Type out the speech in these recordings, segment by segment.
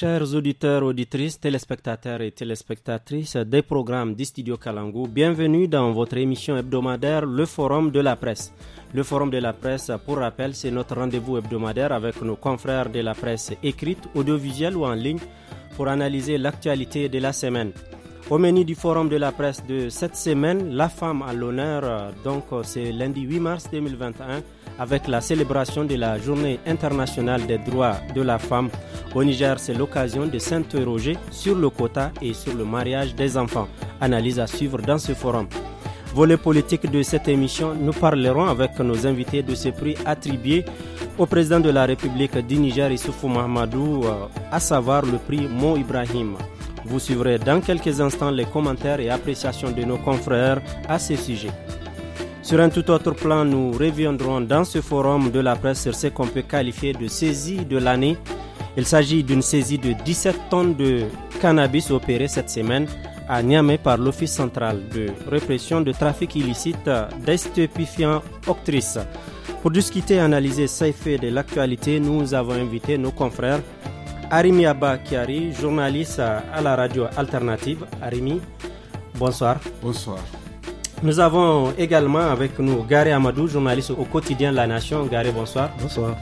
Chers auditeurs, auditrices, téléspectateurs et téléspectatrices des programmes du Studio Kalangu, bienvenue dans votre émission hebdomadaire Le Forum de la Presse. Le Forum de la Presse, pour rappel, c'est notre rendez-vous hebdomadaire avec nos confrères de la presse écrite, audiovisuelle ou en ligne pour analyser l'actualité de la semaine. Au menu du Forum de la presse de cette semaine, la femme à l'honneur, donc c'est lundi 8 mars 2021 avec la célébration de la Journée internationale des droits de la femme. Au Niger, c'est l'occasion de s'interroger sur le quota et sur le mariage des enfants. Analyse à suivre dans ce forum. Volet politique de cette émission, nous parlerons avec nos invités de ce prix attribué au président de la République du Niger, Issoufou Mahamadou, euh, à savoir le prix Mo Ibrahim. Vous suivrez dans quelques instants les commentaires et appréciations de nos confrères à ce sujet. Sur un tout autre plan, nous reviendrons dans ce forum de la presse sur ce qu'on peut qualifier de saisie de l'année. Il s'agit d'une saisie de 17 tonnes de cannabis opérée cette semaine à Niamey par l'Office central de répression de trafic illicite des octrices. Pour discuter et analyser ces faits de l'actualité, nous avons invité nos confrères Arimi Abba Kiari, journaliste à la radio alternative. Arimi, bonsoir. Bonsoir. Nous avons également avec nous Gary Amadou, journaliste au quotidien La Nation. Gary, bonsoir. Bonsoir.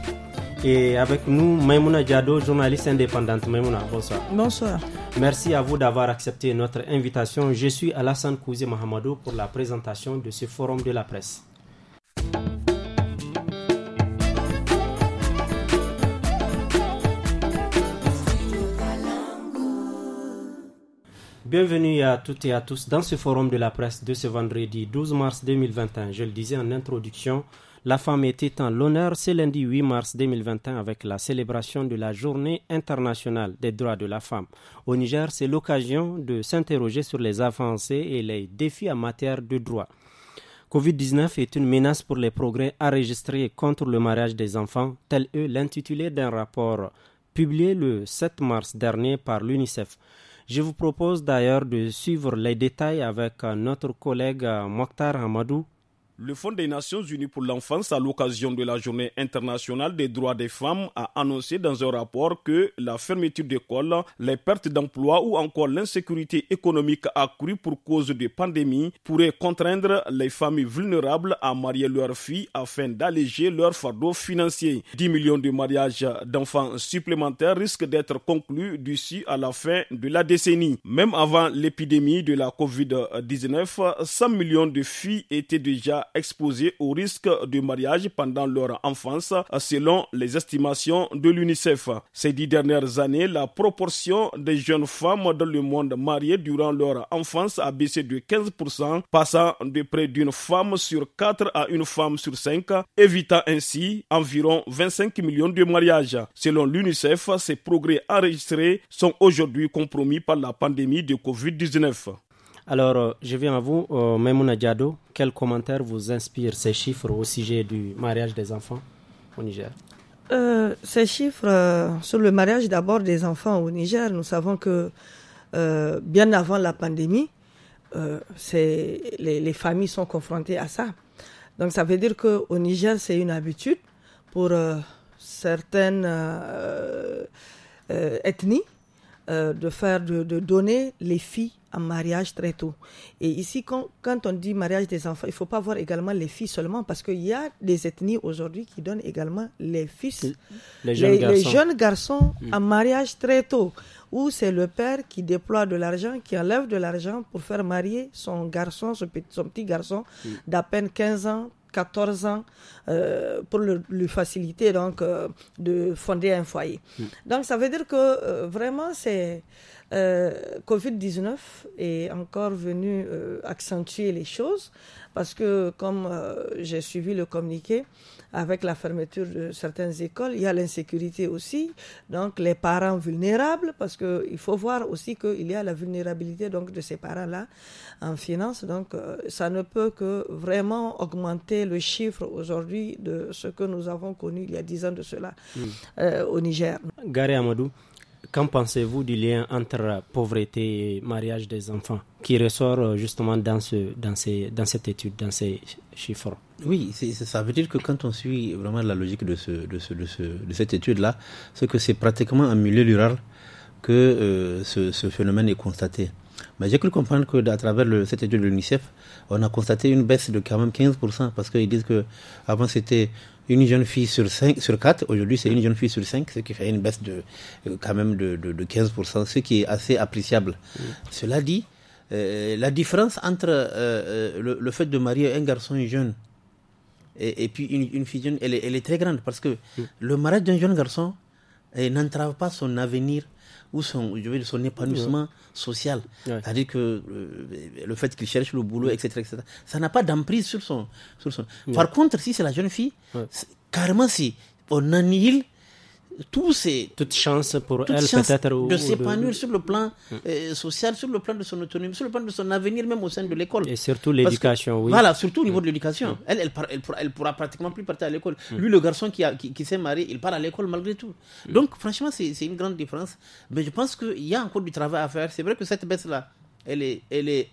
Et avec nous, Maimouna Diado, journaliste indépendante. Maimouna, bonsoir. Bonsoir. Merci à vous d'avoir accepté notre invitation. Je suis Alassane Kouzi Mahamadou pour la présentation de ce forum de la presse. Bienvenue à toutes et à tous dans ce forum de la presse de ce vendredi 12 mars 2021. Je le disais en introduction, la femme était en l'honneur ce lundi 8 mars 2021 avec la célébration de la Journée internationale des droits de la femme. Au Niger, c'est l'occasion de s'interroger sur les avancées et les défis en matière de droits. Covid-19 est une menace pour les progrès enregistrés contre le mariage des enfants, tel est l'intitulé d'un rapport publié le 7 mars dernier par l'UNICEF. Je vous propose d'ailleurs de suivre les détails avec euh, notre collègue euh, Mokhtar Hamadou le Fonds des Nations Unies pour l'enfance, à l'occasion de la Journée internationale des droits des femmes, a annoncé dans un rapport que la fermeture d'écoles, les pertes d'emplois ou encore l'insécurité économique accrue pour cause de pandémie pourraient contraindre les familles vulnérables à marier leurs filles afin d'alléger leur fardeau financier. 10 millions de mariages d'enfants supplémentaires risquent d'être conclus d'ici à la fin de la décennie. Même avant l'épidémie de la COVID-19, 100 millions de filles étaient déjà exposés au risque de mariage pendant leur enfance, selon les estimations de l'UNICEF. Ces dix dernières années, la proportion des jeunes femmes dans le monde mariées durant leur enfance a baissé de 15%, passant de près d'une femme sur quatre à une femme sur cinq, évitant ainsi environ 25 millions de mariages. Selon l'UNICEF, ces progrès enregistrés sont aujourd'hui compromis par la pandémie de COVID-19. Alors, euh, je viens à vous, euh, Diado. Quels commentaire vous inspire ces chiffres au sujet du mariage des enfants au Niger euh, Ces chiffres euh, sur le mariage d'abord des enfants au Niger, nous savons que bien avant la pandémie, les, les, familles sont confrontées à ça. Donc, ça veut dire qu'au Niger, c'est une habitude pour certaines ethnies euh, de faire, de, donner les filles en mariage très tôt. Et ici, quand, on dit mariage des enfants, il faut pas voir également les filles seulement, parce qu'il y a des ethnies aujourd'hui qui donnent également les fils, les jeunes garçons, mm. en mariage très tôt, où c'est le père qui déploie de l'argent, qui enlève de l'argent pour faire marier son garçon, son petit, garçon mm. d'à peine 15 ans, 14 ans euh, pour le, lui faciliter donc euh, de fonder un foyer. Donc ça veut dire que euh, vraiment c'est Covid-19 est encore venu accentuer les choses parce que comme euh, j'ai suivi le communiqué, avec la fermeture de certaines écoles, il y a l'insécurité aussi, donc les parents vulnérables, parce qu'il faut voir aussi qu'il y a la vulnérabilité de ces parents-là en finance, donc euh, ça ne peut que vraiment augmenter le chiffre aujourd'hui de ce que nous avons connu il y a dix ans de cela hmm. euh, au Niger. Gary Amadou, Qu'en pensez-vous du lien entre pauvreté et mariage des enfants qui ressort euh, justement dans, ce, dans, ces, dans cette étude, dans ces chiffres Oui, ça veut dire que quand on suit vraiment la logique de, de, cette étude-là, c'est que c'est pratiquement en milieu rural que euh, ce, phénomène est constaté. Mais j'ai cru comprendre que à travers cette étude de l'UNICEF, on a constaté une baisse de quand même 15%, parce qu'ils disent que avant c'était une jeune fille sur cinq, sur quatre. Aujourd'hui, c'est une jeune fille sur cinq, ce qui fait une baisse de euh, quand même de, de, 15%, ce qui est assez appréciable. Mm. Cela dit, euh, la différence entre euh, le, fait de marier un garçon jeune et, puis une, une, fille jeune, elle est, très grande parce que mm. le mariage d'un jeune garçon, n'entrave pas son avenir ou son, son épanouissement social. C'est-à-dire que euh, le fait qu'il cherche le boulot, etc., mm. etc. ça n'a pas d'emprise sur son. Sur son... Par contre, si c'est la jeune fille, carrément si on annihile tous ces toute chance pour elle peut-être de s'épanouir sur le plan euh, social sur le plan de son autonomie sur le plan de son avenir même au sein de l'école et surtout l'éducation oui voilà surtout au niveau de mm. l'éducation mm. elle elle, pourra, pratiquement plus partir à l'école mm. lui le garçon qui, a, qui, s'est marié il part à l'école malgré tout donc franchement c'est une grande différence mais je pense qu'il y a encore du travail à faire c'est vrai que cette baisse là elle est elle est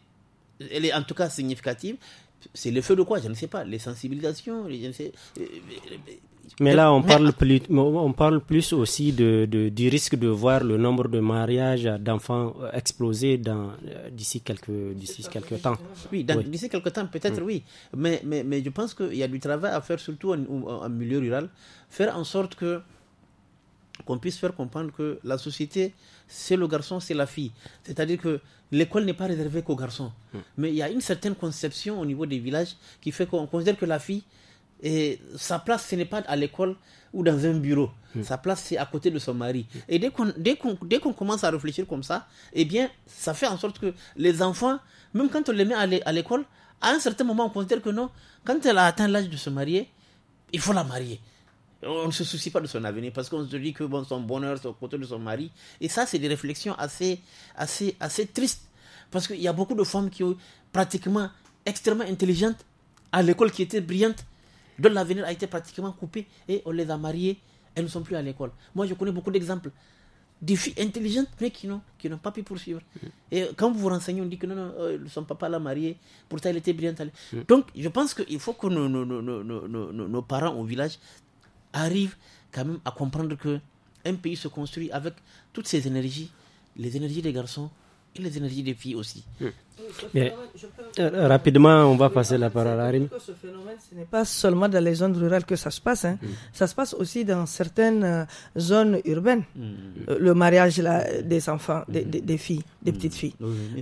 elle est en tout cas significative c'est le feu de quoi Je ne sais pas. Les sensibilisations, je ne sais, euh, mais là, on parle, plus, on parle plus aussi de, du risque de voir le nombre de mariages d'enfants exploser euh, d'ici quelques, euh, quelques temps. Oui, d'ici quelques temps, peut-être, mm. oui. Mais, mais, je pense qu'il y a du travail à faire, surtout en, milieu rural, faire en sorte que qu'on puisse faire comprendre que la société, c'est le garçon, c'est la fille. C'est-à-dire que l'école n'est pas réservée qu'aux garçons. Mm. Mais il y a une certaine conception au niveau des villages qui fait qu'on considère que la fille, et sa place, ce n'est pas à l'école ou dans un bureau. Hmm. Sa place, c'est à côté de son mari. Et dès qu'on dès qu'on commence à réfléchir comme ça, eh bien, ça fait en sorte que les enfants, même quand on les met à l'école, à un certain moment, on considère que non, quand elle a atteint l'âge de se marier, il faut la marier. On ne se soucie pas de son avenir parce qu'on se dit que bon, son bonheur, c'est au côté de son mari. Et ça, c'est des réflexions assez, assez, assez tristes. Parce qu'il y a beaucoup de femmes qui ont pratiquement extrêmement intelligentes à l'école qui étaient brillantes dont l'avenir a été pratiquement coupé et on les a mariés, elles ne sont plus à l'école. Moi, je connais beaucoup d'exemples des filles intelligentes, mais qui n'ont, qui n'ont pas pu poursuivre. Mm. Et quand vous vous renseignez, on dit que non, non, euh, son papa l'a mariée, pourtant elle était brillante. Mm. Donc, je pense qu'il faut que nos, nos, parents au village arrivent quand même à comprendre que un pays se construit avec toutes ces énergies, les énergies des garçons, et les énergies des filles aussi. Mais, euh, rapidement, on va passer la parole à Arim. Ce phénomène, ce n'est pas seulement dans les zones rurales que ça se passe. Hein. Mm. Ça se passe aussi dans certaines euh, zones urbaines. Mm. Mm. Euh, le mariage des enfants, des, filles, des petites filles.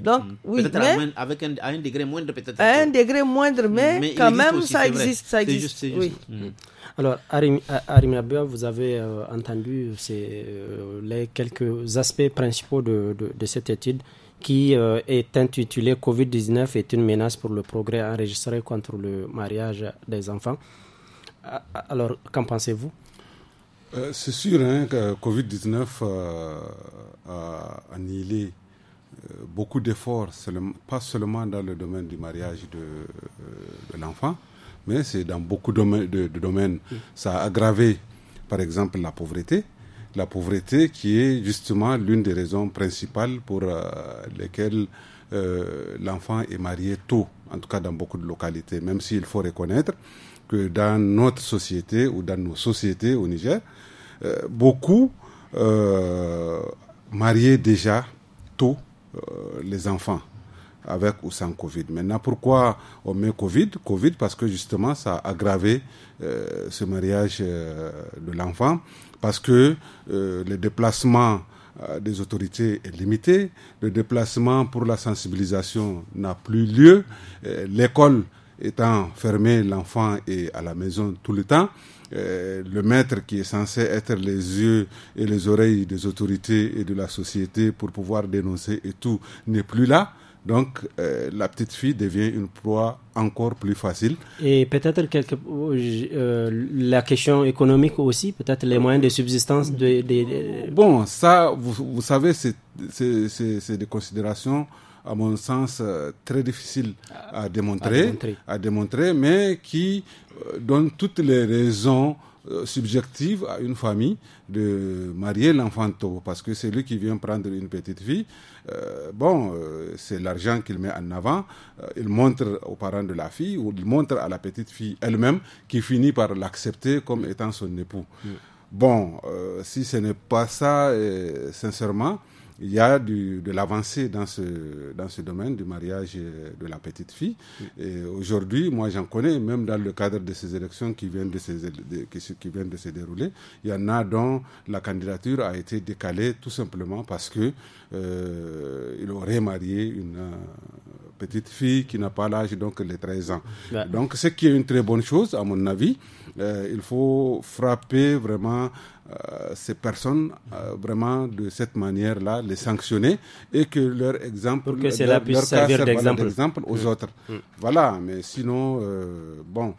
Donc, oui. Mais, avec un, à un degré moindre, peut-être. À un degré moindre, mais, quand même, ça existe. Ça oui. Alors, Arim, vous avez entendu les quelques aspects principaux de, de, de cette étude qui euh, est intitulé Covid-19 est une menace pour le progrès enregistré contre le mariage des enfants. Alors, qu'en pensez-vous euh, C'est sûr hein, que Covid-19 euh, a annihilé beaucoup d'efforts, pas seulement dans le domaine du mariage de, l'enfant, mais c'est dans beaucoup de domaines. Mm. Ça a aggravé, par exemple, la pauvreté la pauvreté qui est justement l'une des raisons principales pour euh, lesquelles euh, l'enfant est marié tôt, en tout cas dans beaucoup de localités, même s'il faut reconnaître que dans notre société ou dans nos sociétés au Niger, euh, beaucoup mariaient déjà tôt les enfants avec ou sans Covid. Maintenant, pourquoi on met Covid Covid parce que justement, ça a aggravé euh, ce mariage euh, de l'enfant, parce que euh, le déplacement des autorités est limité, le déplacement pour la sensibilisation n'a plus lieu, l'école étant fermée, l'enfant est à la maison tout le temps. le maître qui est censé être les yeux et les oreilles des autorités et de la société pour pouvoir dénoncer et tout n'est plus là. Donc, euh, la petite fille devient une proie encore plus facile. Et peut-être euh, euh, la question économique aussi, peut-être les moyens de subsistance. De, Bon, ça, vous, vous savez, c'est des considérations à mon sens, très difficiles à démontrer, à démontrer, mais qui donnent toutes les raisons euh, subjective à une famille de marier l'enfant tôt parce que c'est lui qui vient prendre une petite fille. Euh, bon, euh, c'est l'argent qu'il met en avant. il montre aux parents de la fille ou il montre à la petite fille elle-même qui finit par l'accepter comme étant son époux. Bon, si ce n'est pas ça, sincèrement, il y a du, de l'avancée dans ce, dans ce domaine du mariage de la petite fille. Et aujourd'hui, moi j'en connais, même dans le cadre de ces élections qui viennent de, ces, qui, qui, viennent de se dérouler, il y en a dont la candidature a été décalée tout simplement parce que euh, il aurait marié une petite fille qui n'a pas l'âge, donc les 13 ans. Donc, ce qui est une très bonne chose, à mon avis, euh, il faut frapper vraiment euh, ces personnes euh, vraiment de cette manière-là, les sanctionner et que leur exemple, que leur, puisse servir d'exemple aux mm. autres. Mm. Voilà, mais sinon, bon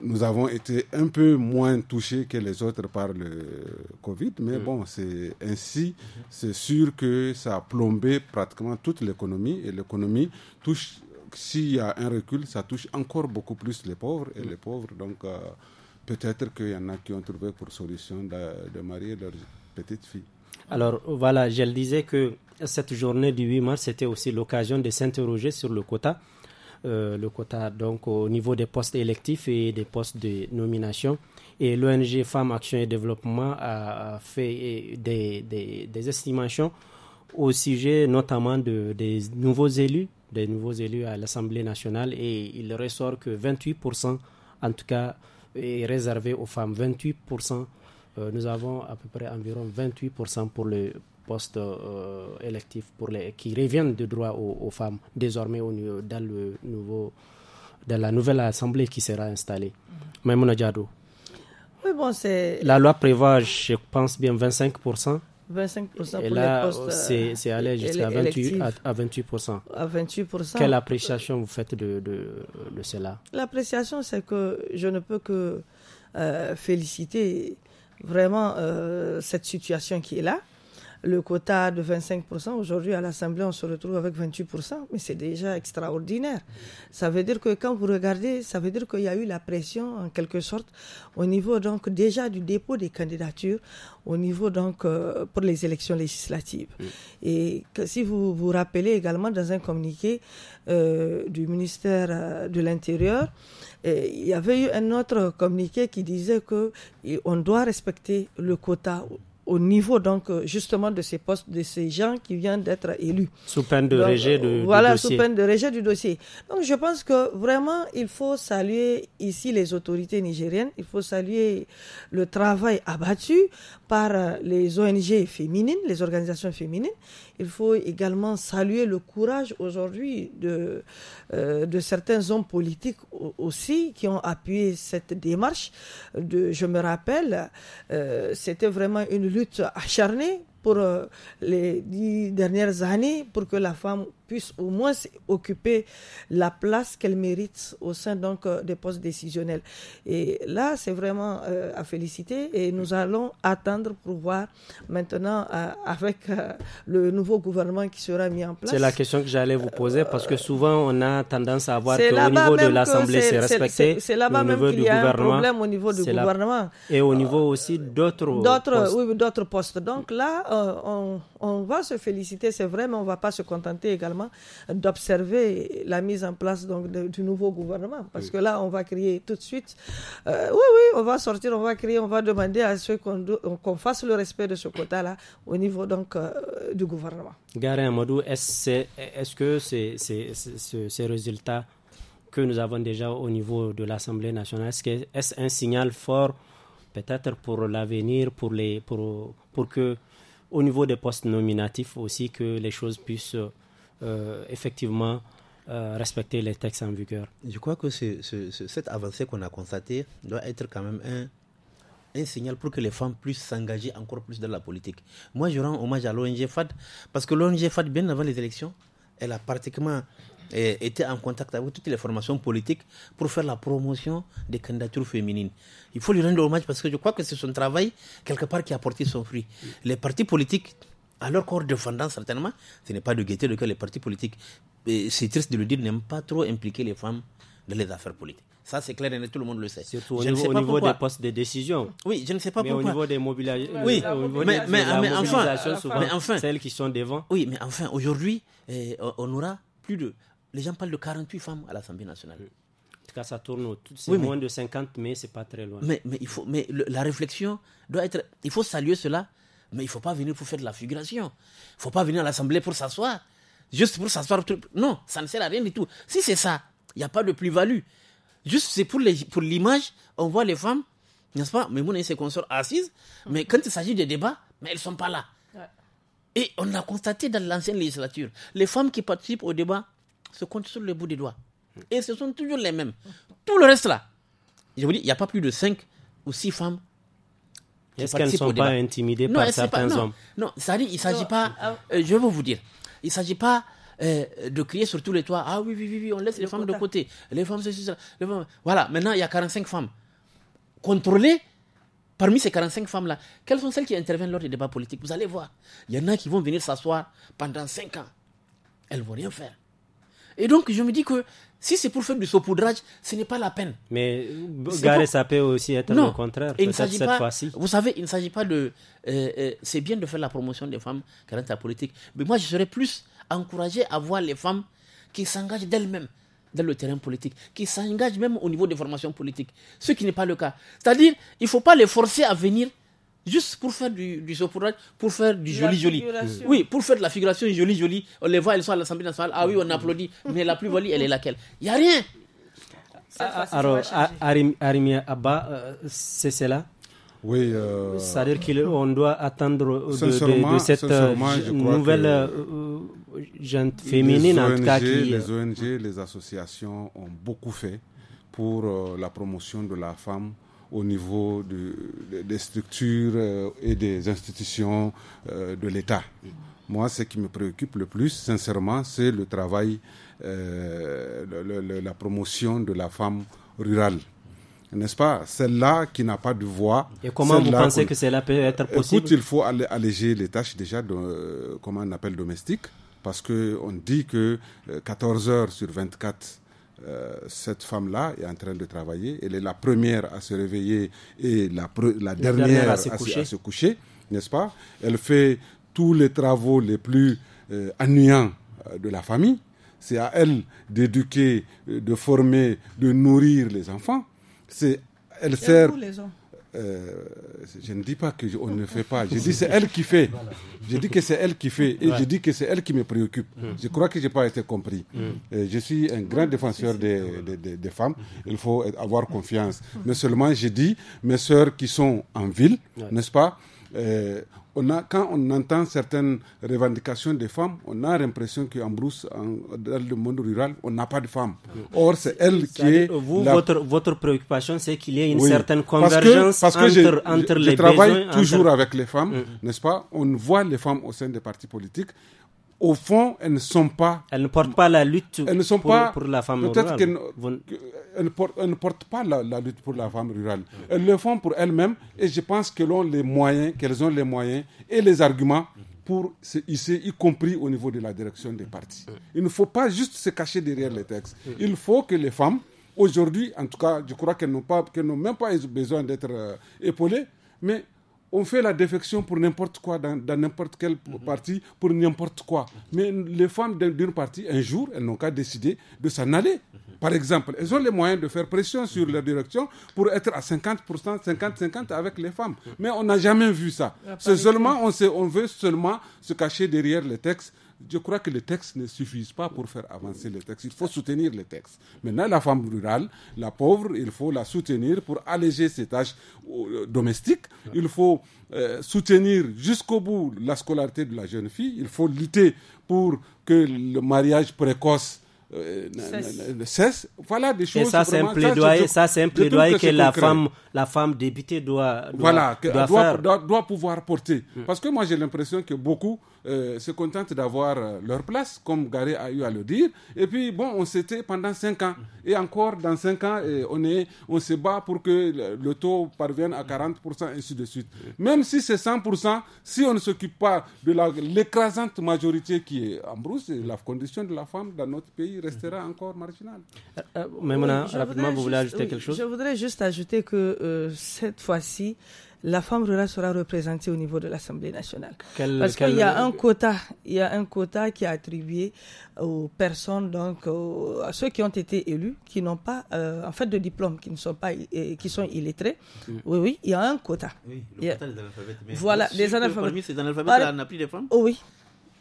nous avons été un peu moins touchés que les autres par le Covid, mais mm. bon, c'est ainsi, c'est sûr que ça a plombé pratiquement toute l'économie et l'économie touche, s'il y a un recul, ça touche encore beaucoup plus les pauvres et mm. les pauvres, donc euh, peut-être qu'il y en a qui ont trouvé pour solution de, de marier leur petite fille. Alors voilà, je le disais que cette journée du 8 mars, c'était aussi l'occasion de s'interroger sur le quota euh, le quota donc au niveau des postes électifs et des postes de nomination. Et l'ONG Femmes Action et Développement a fait eh, des, estimations au sujet notamment de, des nouveaux élus, des nouveaux élus à l'Assemblée nationale, et il ressort que 28%, en tout cas, est réservé aux femmes. 28%, euh, nous avons à peu près environ 28% pour le postes euh, électifs pour les, qui reviennent de droit aux, femmes désormais au, dans, le nouveau, dans la nouvelle assemblée qui sera installée. Mm -hmm. Oui, bon, c'est... La loi prévoit, je pense bien, 25%. 25% pour les et euh, là, c'est allé euh, jusqu'à 28, à, 28%. À 28%. Quelle appréciation vous faites de, de, cela L'appréciation, c'est que je ne peux que féliciter vraiment cette situation qui est là le quota de 25%. Aujourd'hui, à l'Assemblée, on se retrouve avec 28%, mais c'est déjà extraordinaire. Ça veut dire que quand vous regardez, ça veut dire qu'il y a eu la pression, en quelque sorte, au niveau donc déjà du dépôt des candidatures, au niveau donc euh, pour les élections législatives. Et que, si vous vous rappelez également dans un communiqué euh, du ministère euh, de l'Intérieur, il y avait eu un autre communiqué qui disait que on doit respecter le quota au niveau donc euh, justement de ces postes, de ces gens qui viennent d'être élus. Sous peine de rejet de, euh, du dossier. Voilà, sous peine de rejet du dossier. Donc je pense que vraiment il faut saluer ici les autorités nigériennes, il faut saluer le travail abattu par euh, les ONG féminines, les organisations féminines. Il faut également saluer le courage aujourd'hui de, euh, de certains hommes politiques aussi qui ont appuyé cette démarche. De, je me rappelle, euh, c'était vraiment une lutte acharnée pour les dix dernières années pour que la femme puisse au moins occuper la place qu'elle mérite au sein donc euh, des postes décisionnels. Et là, c'est vraiment euh, à féliciter et nous allons attendre pour voir maintenant euh, avec le nouveau gouvernement qui sera mis en place. C'est la question que j'allais vous poser parce que souvent on a tendance à voir qu'au niveau de l'Assemblée c'est respecté, c'est là-bas même qu'il y a un problème au niveau du gouvernement. Et au niveau aussi d'autres d'autres oui, d'autres postes. Donc là, on, on va se féliciter, c'est vrai, mais on ne va pas se contenter également d'observer la mise en place donc, du nouveau gouvernement. Parce que là, on va crier tout de suite, euh, oui, oui, on va sortir, on va crier, on va demander à ceux qu'on qu'on fasse le respect de ce quota-là au niveau donc, euh, du gouvernement. Gare Amadou, est-ce est, ce que ces, résultats que nous avons déjà au niveau de l'Assemblée nationale, est-ce un signal fort peut-être pour l'avenir, pour, les, pour, pour que au niveau des postes nominatifs aussi que les choses puissent euh, effectivement euh, respecter les textes en vigueur. Je crois que cette avancée qu'on a constatée doit être quand même un, un signal pour que les femmes puissent s'engager encore plus dans la politique. Moi, je rends hommage à l'ONG FAD, parce que l'ONG FAD, bien avant les élections, elle a pratiquement euh, été en contact avec toutes les formations politiques pour faire la promotion des candidatures féminines. Il faut lui rendre hommage parce que je crois que c'est son travail, quelque part, qui a porté son fruit. Les partis politiques alors de défendant, certainement, ce n'est pas de gaieté de que les partis politiques, c'est triste de le dire, n'aiment pas trop impliquer les femmes dans les affaires politiques. Ça, c'est clair et tout le monde le sait. Surtout au niveau, des postes de décision. Oui, je ne sais pas mais au niveau des mobilisations. Oui, mais, enfin, celles qui sont devant. Oui, mais enfin, aujourd'hui, eh, on aura plus de. Les gens parlent de 48 femmes à l'Assemblée nationale. En tout cas, ça tourne autour. C'est moins de 50, mais c'est pas très loin. Mais, mais, il faut, mais la réflexion doit être. Il faut saluer cela mais il ne faut pas venir pour faire de la figuration. Il ne faut pas venir à l'Assemblée pour s'asseoir. Juste pour s'asseoir. Non, ça ne sert à rien du tout. Si c'est ça, il n'y a pas de plus-value. Juste, c'est pour l'image. Pour on voit les femmes, n'est-ce pas Mais et ses consorts assises. Mais quand il s'agit de débats, mais elles ne sont pas là. Et on l'a constaté dans l'ancienne législature. Les femmes qui participent au débat se comptent sur le bout des doigts. Et ce sont toujours les mêmes. Tout le reste là, je vous dis, il n'y a pas plus de 5 ou 6 femmes est-ce qu'elles ne sont pas intimidées par certains hommes Non, ça dit, il ne s'agit pas, euh, euh, je veux vous dire, il ne s'agit pas euh, de crier sur tous les toits, ah oui, oui, oui, on laisse les femmes de côté, les femmes, Voilà, maintenant, il y a 45 femmes. Contrôlées, parmi ces 45 femmes-là, quelles sont celles qui interviennent lors des débats politiques Vous allez voir, il y en a qui vont venir s'asseoir pendant 5 ans. Elles ne vont rien faire. Et donc, je me dis que si c'est pour faire du saupoudrage, ce n'est pas la peine. Mais euh, Gare ça peut aussi être le contraire, peut-être cette Vous savez, il ne s'agit pas de... Euh, euh, c'est bien de faire la promotion des femmes à la politique, mais moi, je serais plus encouragé à voir les femmes qui s'engagent d'elles-mêmes dans le terrain politique, qui s'engagent même au niveau des formations politiques, ce qui n'est pas le cas. C'est-à-dire, il ne faut pas les forcer à venir juste pour faire du, pour faire du joli joli. Oui, pour faire de la figuration joli joli. On les voit, elles sont à l'Assemblée nationale. Ah oui, on applaudit. Mais la plus volée, elle est laquelle Il n'y a rien. Ah, ah, alors, Arimia Abba, euh, c'est cela oui. Euh... C'est-à-dire qu'on doit attendre euh, de, cette euh, nouvelle jeune féminine, en cas. Les ONG, les associations ont beaucoup fait pour la promotion de la femme au niveau de, des structures euh, et des institutions euh, de l'État. Moi, ce qui me préoccupe le plus, sincèrement, c'est le travail, euh, la promotion de la femme rurale. N'est-ce pas Celle-là qui n'a pas de voix. Et comment vous pensez que cela peut être possible Écoute, il faut alléger les tâches déjà, de, comment on appelle, domestique, parce qu'on dit que 14 heures sur 24, euh, cette femme-là est en train de travailler. Elle est la première à se réveiller et la, la, dernière, à se coucher, n'est-ce pas Elle fait tous les travaux les plus euh, ennuyants euh, de la famille. C'est à elle d'éduquer, de former, de nourrir les enfants. C'est elle sert. les hommes. Euh, je ne dis pas qu'on ne fait pas. Je dis c'est elle qui fait. Je dis que c'est elle qui fait et je dis que c'est elle qui me préoccupe. Mm. Je crois que je n'ai pas été compris. Mm. Euh, je suis un grand défenseur des, femmes. Il faut avoir confiance. Mm. Mais seulement, je dis, mes soeurs qui sont en ville, n'est-ce pas euh, quand on entend certaines revendications des femmes, on a l'impression qu'en Brousse, en, dans le monde rural, on n'a pas de femmes. Or, c'est elle qui est. Vous, votre, votre préoccupation, c'est qu'il y ait une certaine convergence entre, les entre je, les travaille toujours avec les femmes, mm-hmm. n'est-ce pas On voit les femmes au sein des partis politiques au fond, elles ne sont pas. Elles ne portent pas la lutte elles ne sont pour, pas, pour la femme peut elles, ne portent pas la, lutte pour la femme rurale. Elles le font pour elles-mêmes et je pense qu'elles ont les moyens, qu'elles ont les moyens et les arguments pour se hisser, y compris au niveau de la direction des partis. Il ne faut pas juste se cacher derrière les textes. Il faut que les femmes, aujourd'hui, en tout cas, je crois qu'elles n'ont pas, qu'elles n'ont même pas besoin d'être euh, épaulées, mais on fait la défection pour n'importe quoi, dans n'importe quel mhm. parti, pour n'importe quoi. Mais les femmes d'une partie, un jour, elles n'ont qu'à décider de s'en aller par exemple, elles ont les moyens de faire pression sur la direction pour être à 50%, 50-50 avec les femmes. Mais on n'a jamais vu ça. Ah, seulement, on, veut seulement se cacher derrière les textes je crois que les textes ne suffisent pas pour faire avancer les textes. Il faut soutenir les textes. Maintenant, la femme rurale, la pauvre, il faut la soutenir pour alléger ses tâches euh, domestiques. Il faut euh, soutenir jusqu'au bout la scolarité de la jeune fille. Il faut lutter pour que le mariage précoce euh, cesse. Voilà des choses. Et ça, c'est un plaidoyer, ça, c'est un plaidoyer que, la femme, la femme doit, doit, doit, pouvoir porter. Mm. Parce que moi, j'ai l'impression que beaucoup euh, se contentent d'avoir euh, leur place, comme Garé a eu à le dire. Et puis, bon, on s'était pendant 5 ans. Et encore, dans 5 ans, on, est, on se bat pour que le, taux parvienne à 40%, et ainsi de suite. Mm. Même si c'est 100%, si on ne s'occupe pas de l'écrasante majorité qui est en brousse, la condition de la femme dans notre pays restera encore marginal. Euh, euh, mais rapidement, vous voulez ajouter quelque chose Je voudrais juste ajouter que euh, cette fois-ci, la femme rurale sera représentée au niveau de l'Assemblée nationale. Parce qu'il y a un quota, il y a un quota qui est attribué aux personnes, donc à ceux qui ont été élus, qui n'ont pas, en fait, de diplôme, qui ne sont pas, qui sont illettrés. Mm. Oui, oui, il y a un quota. le quota analphabètes. voilà, des analphabètes. Parmi analphabètes, on a pris femmes. Oh oui,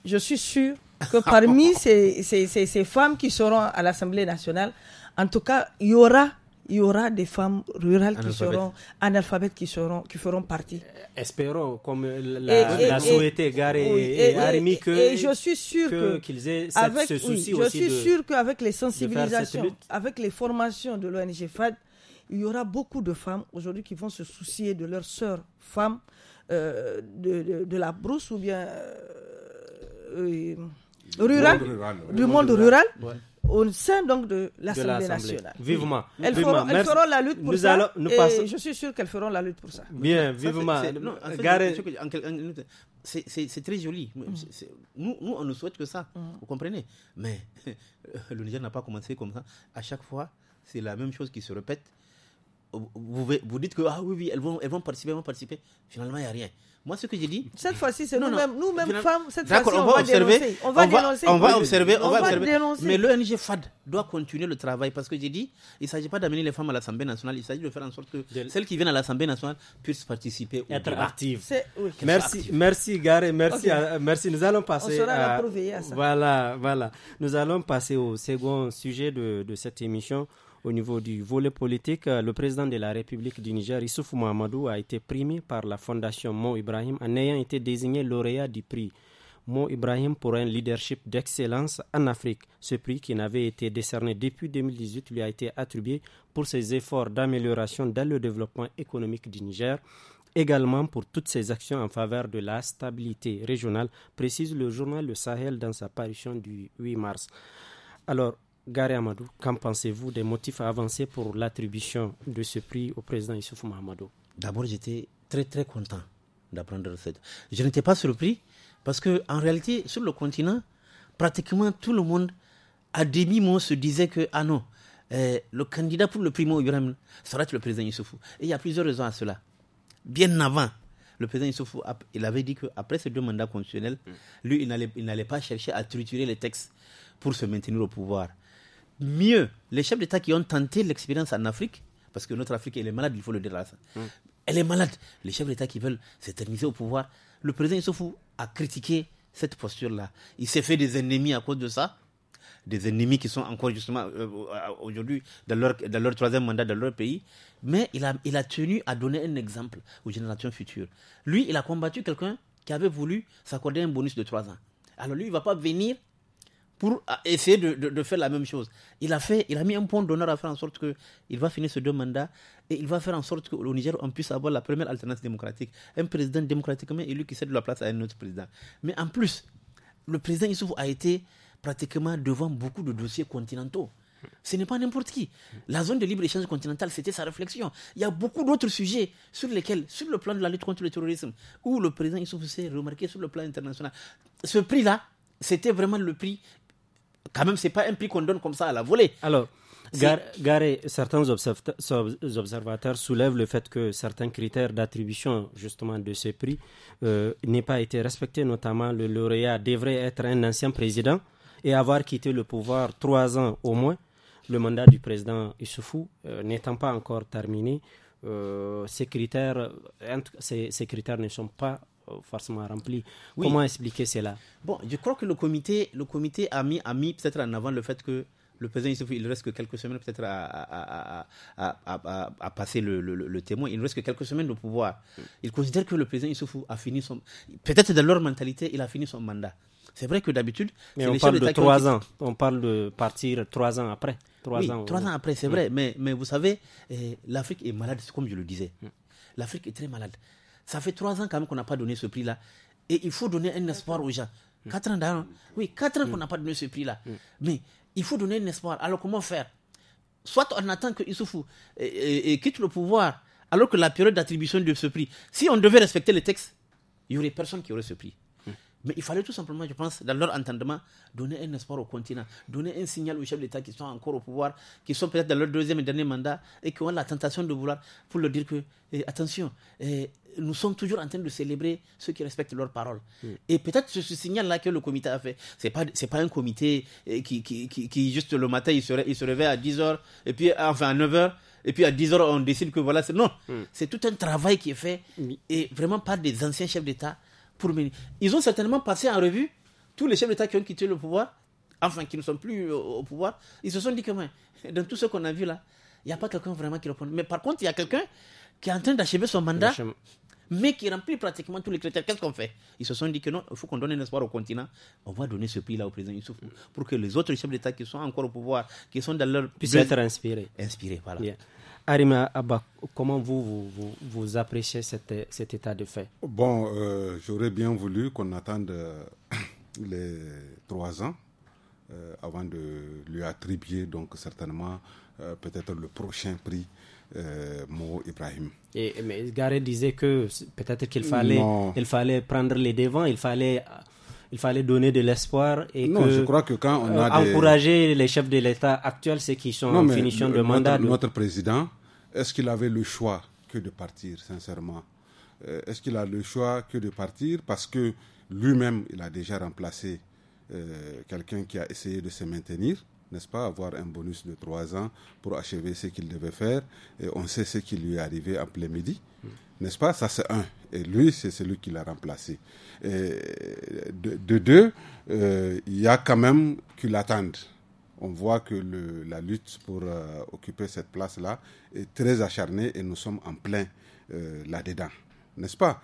je suis sûre que parmi ces, femmes qui seront à l'Assemblée nationale, en tout cas, il y aura, il y aura des femmes rurales qui seront analphabètes qui seront qui feront partie. Euh, espérons, comme la, souhaité Garé et, et, que je suis sûr qu'ils aient ce souci Je suis sûr qu'avec les sensibilisations, avec les formations de l'ONG FAD, il y aura beaucoup de femmes aujourd'hui qui vont se soucier de leurs sœurs femmes euh, de, de, la brousse ou bien euh, rural, du monde rural. Au sein donc de l'Assemblée nationale. Vivement. Elles, Feront, elles feront, la lutte pour ça. et je suis sûr qu'elles feront la lutte pour ça. Bien, vivement. C'est très joli. Mm. nous, nous, on ne souhaite que ça. Mm. Vous comprenez Mais le Niger n'a pas commencé comme ça. À chaque fois, c'est la même chose qui se répète vous, dites que ah oui, oui, elles vont, elles vont participer, elles vont participer. Finalement, il n'y a rien. Moi, ce que j'ai dit Cette fois-ci, c'est nous-mêmes, nous-mêmes femmes, cette fois-ci, on, va observer. On va, dénoncer. On va observer, on, va, Mais l'ONG FAD doit continuer le travail parce que j'ai dit, il ne s'agit pas d'amener les femmes à l'Assemblée nationale, il s'agit de faire en sorte que celles qui viennent à l'Assemblée nationale puissent participer. Au être actives. Merci, merci, Gare, merci, merci. Nous allons passer. On sera Voilà, voilà. Nous allons passer au second sujet de, de cette émission. Au niveau du volet politique, euh, le président de la République du Niger, Issoufou Mohamadou, a été primé par la Fondation Mo Ibrahim en ayant été désigné lauréat du prix. Mo Ibrahim pour un leadership d'excellence en Afrique. Ce prix, qui n'avait été décerné depuis 2018, lui a été attribué pour ses efforts d'amélioration dans le développement économique du Niger, également pour toutes ses actions en faveur de la stabilité régionale, précise le journal Le Sahel dans sa parution du 8 mars. Alors, Gary Amadou, qu'en pensez-vous des motifs à avancer pour l'attribution de ce prix au président Issoufou Mahamadou D'abord, j'étais très très content d'apprendre cette. Je n'étais pas surpris parce que en réalité, sur le continent, pratiquement tout le monde à demi-mot se disait que ah non, euh, le candidat pour le primo Ibrahim sera le président Issoufou. Et il y a plusieurs raisons à cela. Bien avant, le président Issoufou il avait dit qu'après ces deux mandats constitutionnels, mm. lui, il n'allait pas chercher à triturer les textes pour se maintenir au pouvoir mieux les chefs d'État qui ont tenté l'expérience en Afrique, parce que notre Afrique, elle est malade, il faut le dire là. Mm. Elle est malade. Les chefs d'État qui veulent s'éterniser au pouvoir, le président Issoufou a critiqué cette posture-là. Il s'est fait des ennemis à cause de ça, des ennemis qui sont encore justement euh, euh, aujourd'hui dans leur, troisième mandat dans leur pays. Mais il a, il a tenu à donner un exemple aux générations futures. Lui, il a combattu quelqu'un qui avait voulu s'accorder un bonus de trois ans. Alors lui, il ne va pas venir pour essayer de, de, faire la même chose. Il a fait, il a mis un point d'honneur à faire en sorte que il va finir ce deux mandats et il va faire en sorte que le Niger on puisse avoir la première alternance démocratique, un président démocratiquement élu qui cède la place à un autre président. Mais en plus, le président Issouf a été pratiquement devant beaucoup de dossiers continentaux. Ce n'est pas n'importe qui. La zone de libre-échange continentale, c'était sa réflexion. Il y a beaucoup d'autres sujets sur lesquels, sur le plan de la lutte contre le terrorisme, où le président Issouf s'est remarqué sur le plan international. Ce prix-là, c'était vraiment le prix quand même, c'est pas un prix qu'on donne comme ça à la volée. Alors, Garé, certains observateurs soulèvent le fait que certains critères d'attribution justement de ce prix euh, n'aient pas été respectés, notamment le lauréat devrait être un ancien président et avoir quitté le pouvoir trois ans au moins. Le mandat du président Issoufou euh, n'étant pas encore terminé, euh, ces, critères, ces critères ne sont pas euh, forcément rempli. Comment expliquer cela Bon, je crois que le comité, le comité a mis, mis peut-être en avant le fait que le président Issoufou, il reste que quelques semaines peut-être à, passer le, témoin. Il ne reste que quelques semaines de pouvoir. Il considère que le président Issoufou a fini son... Peut-être dans leur mentalité, il a fini son mandat. C'est vrai que d'habitude... Mais on parle de trois ans. On parle de partir trois ans après. Trois oui, ans, trois ans après, c'est vrai. Mais, mais vous savez, eh, l'Afrique est malade, comme je le disais. Mm. L'Afrique est très malade. Ça fait trois ans quand même qu'on n'a pas donné ce prix-là. Et il faut donner un espoir aux gens. Hmm. Quatre ans d'avant, Oui, quatre ans hmm. qu'on n'a pas donné ce prix-là. Hmm. Mais il faut donner un espoir. Alors comment faire Soit on attend que Issoufou euh, euh, euh, quitte le pouvoir alors que la période d'attribution de ce prix, si on devait respecter les textes, il n'y aurait personne qui aurait ce prix. Mais il fallait tout simplement, je pense, dans leur entendement, donner un espoir au continent, donner un signal aux chefs d'État qui sont encore au pouvoir, qui sont peut-être dans leur deuxième et dernier mandat et qui ont la tentation de vouloir, pour leur dire que, eh, attention, eh, nous sommes toujours en train de célébrer ceux qui respectent leurs paroles. Mm. Et peut-être ce, ce signal-là que le comité a fait, ce n'est pas un comité eh, qui, qui, juste le matin, il se, réveille à 10h, et puis enfin à 9h, et puis à 10h, on décide que voilà, c'est non. Mm. C'est tout un travail qui est fait, et vraiment par des anciens chefs d'État ils ont certainement passé en revue tous les chefs d'État qui ont quitté le pouvoir, enfin qui ne sont plus euh, au, pouvoir. Ils se sont dit que dans tout ce qu'on a vu là, il n'y a pas quelqu'un vraiment qui le prend. Mais par contre, il y a quelqu'un qui est en train d'achever son mandat mais qui remplit pratiquement tous les critères. Qu'est-ce qu'on fait Ils se sont dit que non, il faut qu'on donne un espoir au continent. On va donner ce prix-là au président Youssouf pour que les autres chefs d'État qui sont encore au pouvoir, qui sont dans leur. puissent être inspirés. Inspirés, voilà. Arima Abba, comment vous, vous, vous, appréciez cet, état de fait Bon, euh, j'aurais bien voulu qu'on attende euh, les trois ans euh, avant de lui attribuer donc certainement peut-être le prochain prix Mo Ibrahim. Et, mais Gareth disait que peut-être qu'il fallait, il fallait prendre les devants, il fallait, il fallait donner de l'espoir et je encourager les chefs de l'État actuels, ceux qui sont en finition de mandat mandat. Notre président est-ce qu'il avait le choix que de partir, sincèrement euh, Est-ce qu'il a le choix que de partir parce que lui-même, il a déjà remplacé euh, quelqu'un qui a essayé de se maintenir, n'est-ce pas, avoir un bonus de trois ans pour achever ce qu'il devait faire. Et on sait ce qui lui est arrivé en plein midi, n'est-ce pas Ça, c'est un. Et lui, c'est celui qui l'a remplacé. de, deux, euh, il y a quand même qu'il l'attendent on voit que la lutte pour euh, occuper cette place-là est très acharnée et nous sommes en plein euh, là-dedans, n'est-ce pas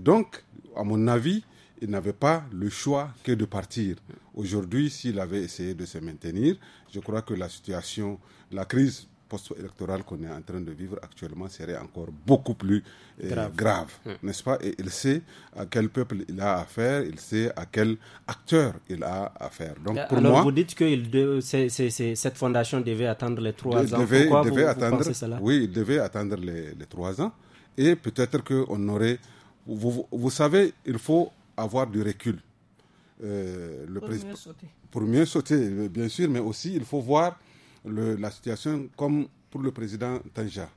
Donc, à mon avis, il n'avait pas le choix que de partir. Aujourd'hui, s'il avait essayé de se maintenir, je crois que la situation, la crise post électoral qu'on est en train de vivre actuellement serait encore beaucoup plus euh, grave, hmm. n'est-ce pas Et il sait à quel peuple il a affaire, il sait à quel acteur il a affaire. Donc pour Alors moi, vous dites que de, cette fondation devait attendre les trois ans. Pourquoi devait attendre, cela Oui, il devait attendre les, trois ans. Et peut-être qu'on aurait... Vous, vous, savez, il faut avoir du recul. Euh, le pour, mieux sauter. pour mieux sauter, bien sûr, mais aussi il faut voir la situation comme pour le président Tanja.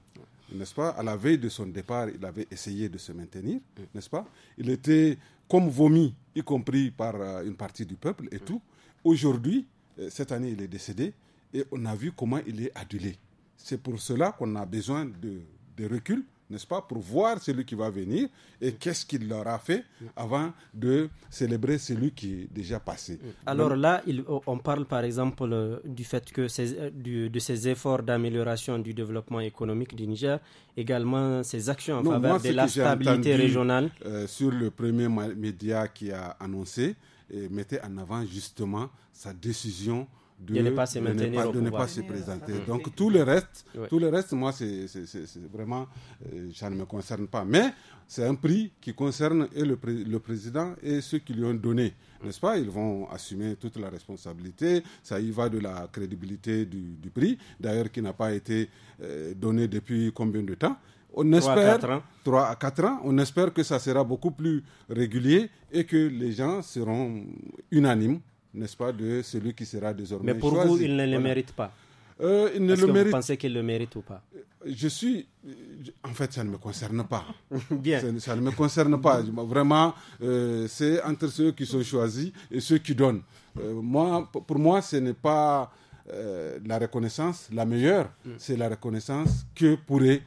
N'est-ce pas À la veille de son départ, il avait essayé de se maintenir, n'est-ce pas Il était comme vomi, y compris par euh, une partie du peuple et tout. Aujourd'hui, euh, cette année, il est décédé et on a vu comment il est adulé. C'est pour cela qu'on a besoin de, de recul n'est-ce pas, pour voir celui qui va venir et qu'est-ce qu'il leur a fait avant de célébrer celui qui est déjà passé. Mm. Alors là, on parle par exemple euh, du fait que ces, euh, de ces efforts d'amélioration du développement économique du Niger, également ces actions en faveur de la stabilité régionale. Euh, sur le premier média qui a annoncé, et mettait en avant justement sa décision de, ne pas se, présenter. Mmh. Donc tout le reste, tout le reste, moi, c'est vraiment, euh, ça ne me concerne pas. Mais c'est un prix qui concerne et le, président et ceux qui lui ont donné, mmh. n'est-ce pas Ils vont assumer toute la responsabilité. Ça y va de la crédibilité du, prix, d'ailleurs qui n'a pas été euh, donné depuis combien de temps on espère à, 3 à 4 ans. On espère que ça sera beaucoup plus régulier et que les gens seront unanimes n'est-ce pas, de celui qui sera désormais. Mais pour vous, il ne le mérite pas. Euh, vous pensez qu'il le mérite ou pas Je suis. En fait, ça ne me concerne pas. Bien. Ça, ne me concerne pas. Vraiment, euh, c'est entre ceux qui sont choisis et ceux qui donnent. Euh, moi, pour moi, ce n'est pas la reconnaissance la meilleure. Mm. C'est la reconnaissance que pourrait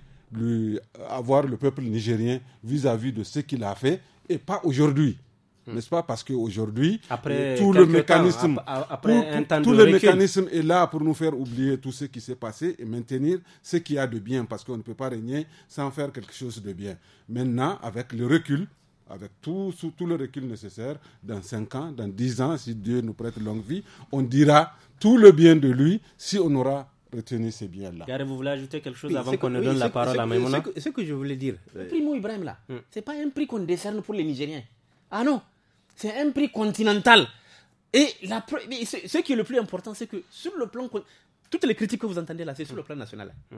avoir le peuple nigérien vis à -vis de ce qu'il a fait et pas aujourd'hui. Hmm. N'est-ce pas Parce qu'aujourd'hui, euh, tout le mécanisme, tout, le mécanisme est là pour nous faire oublier tout ce qui s'est passé et maintenir ce qu'il y a de bien, parce qu'on ne peut pas régner sans faire quelque chose de bien. Maintenant, avec le recul, avec tout, le recul nécessaire, dans 5 ans, dans 10 ans, si Dieu nous prête longue vie, on dira tout le bien de lui si on aura retenu ces biens-là. vous voulez ajouter quelque chose avant qu'on ne donne la parole à ce, ce que je voulais dire. Le prix Ibrahim, là, hmm. pas un prix qu'on décerne pour les Nigériens. Ah non, c'est un prix continental. Et la, ce, ce, qui est le plus important, c'est que sur le plan. Toutes les critiques que vous entendez là, c'est sur le plan national. Hmm.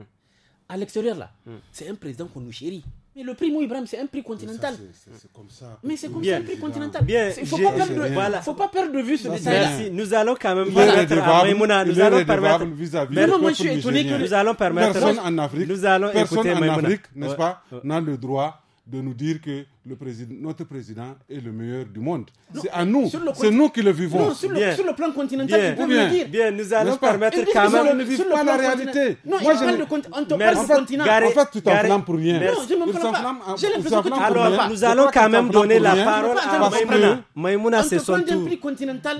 À l'extérieur là, hmm. c'est un président qu'on nous chérit. Mais le prix Mouibram, Ibrahim, c'est un prix continental. C'est comme ça. Mais c'est comme ça, un prix continental. Bien, il ne faut, voilà. faut, pas perdre de vue ce détail Nous allons quand même Nous allons permettre. Vis mais non, moi je suis étonné que. Nous allons permettre. Personne en Afrique, en n'est-ce pas, n'a le droit de nous dire que notre président est le meilleur du monde. C'est à nous, c'est nous qui le vivons. sur, le, plan continental, pouvez bien, dire. bien, nous allons permettre quand même. de ne vivent pas la réalité. Moi, je... on te parle continent. En fait, tu t'enflammes pour rien. Non, je ne J'ai l'impression que Alors, nous allons quand même donner la parole à Maïmouna. Maïmouna, c'est son tour.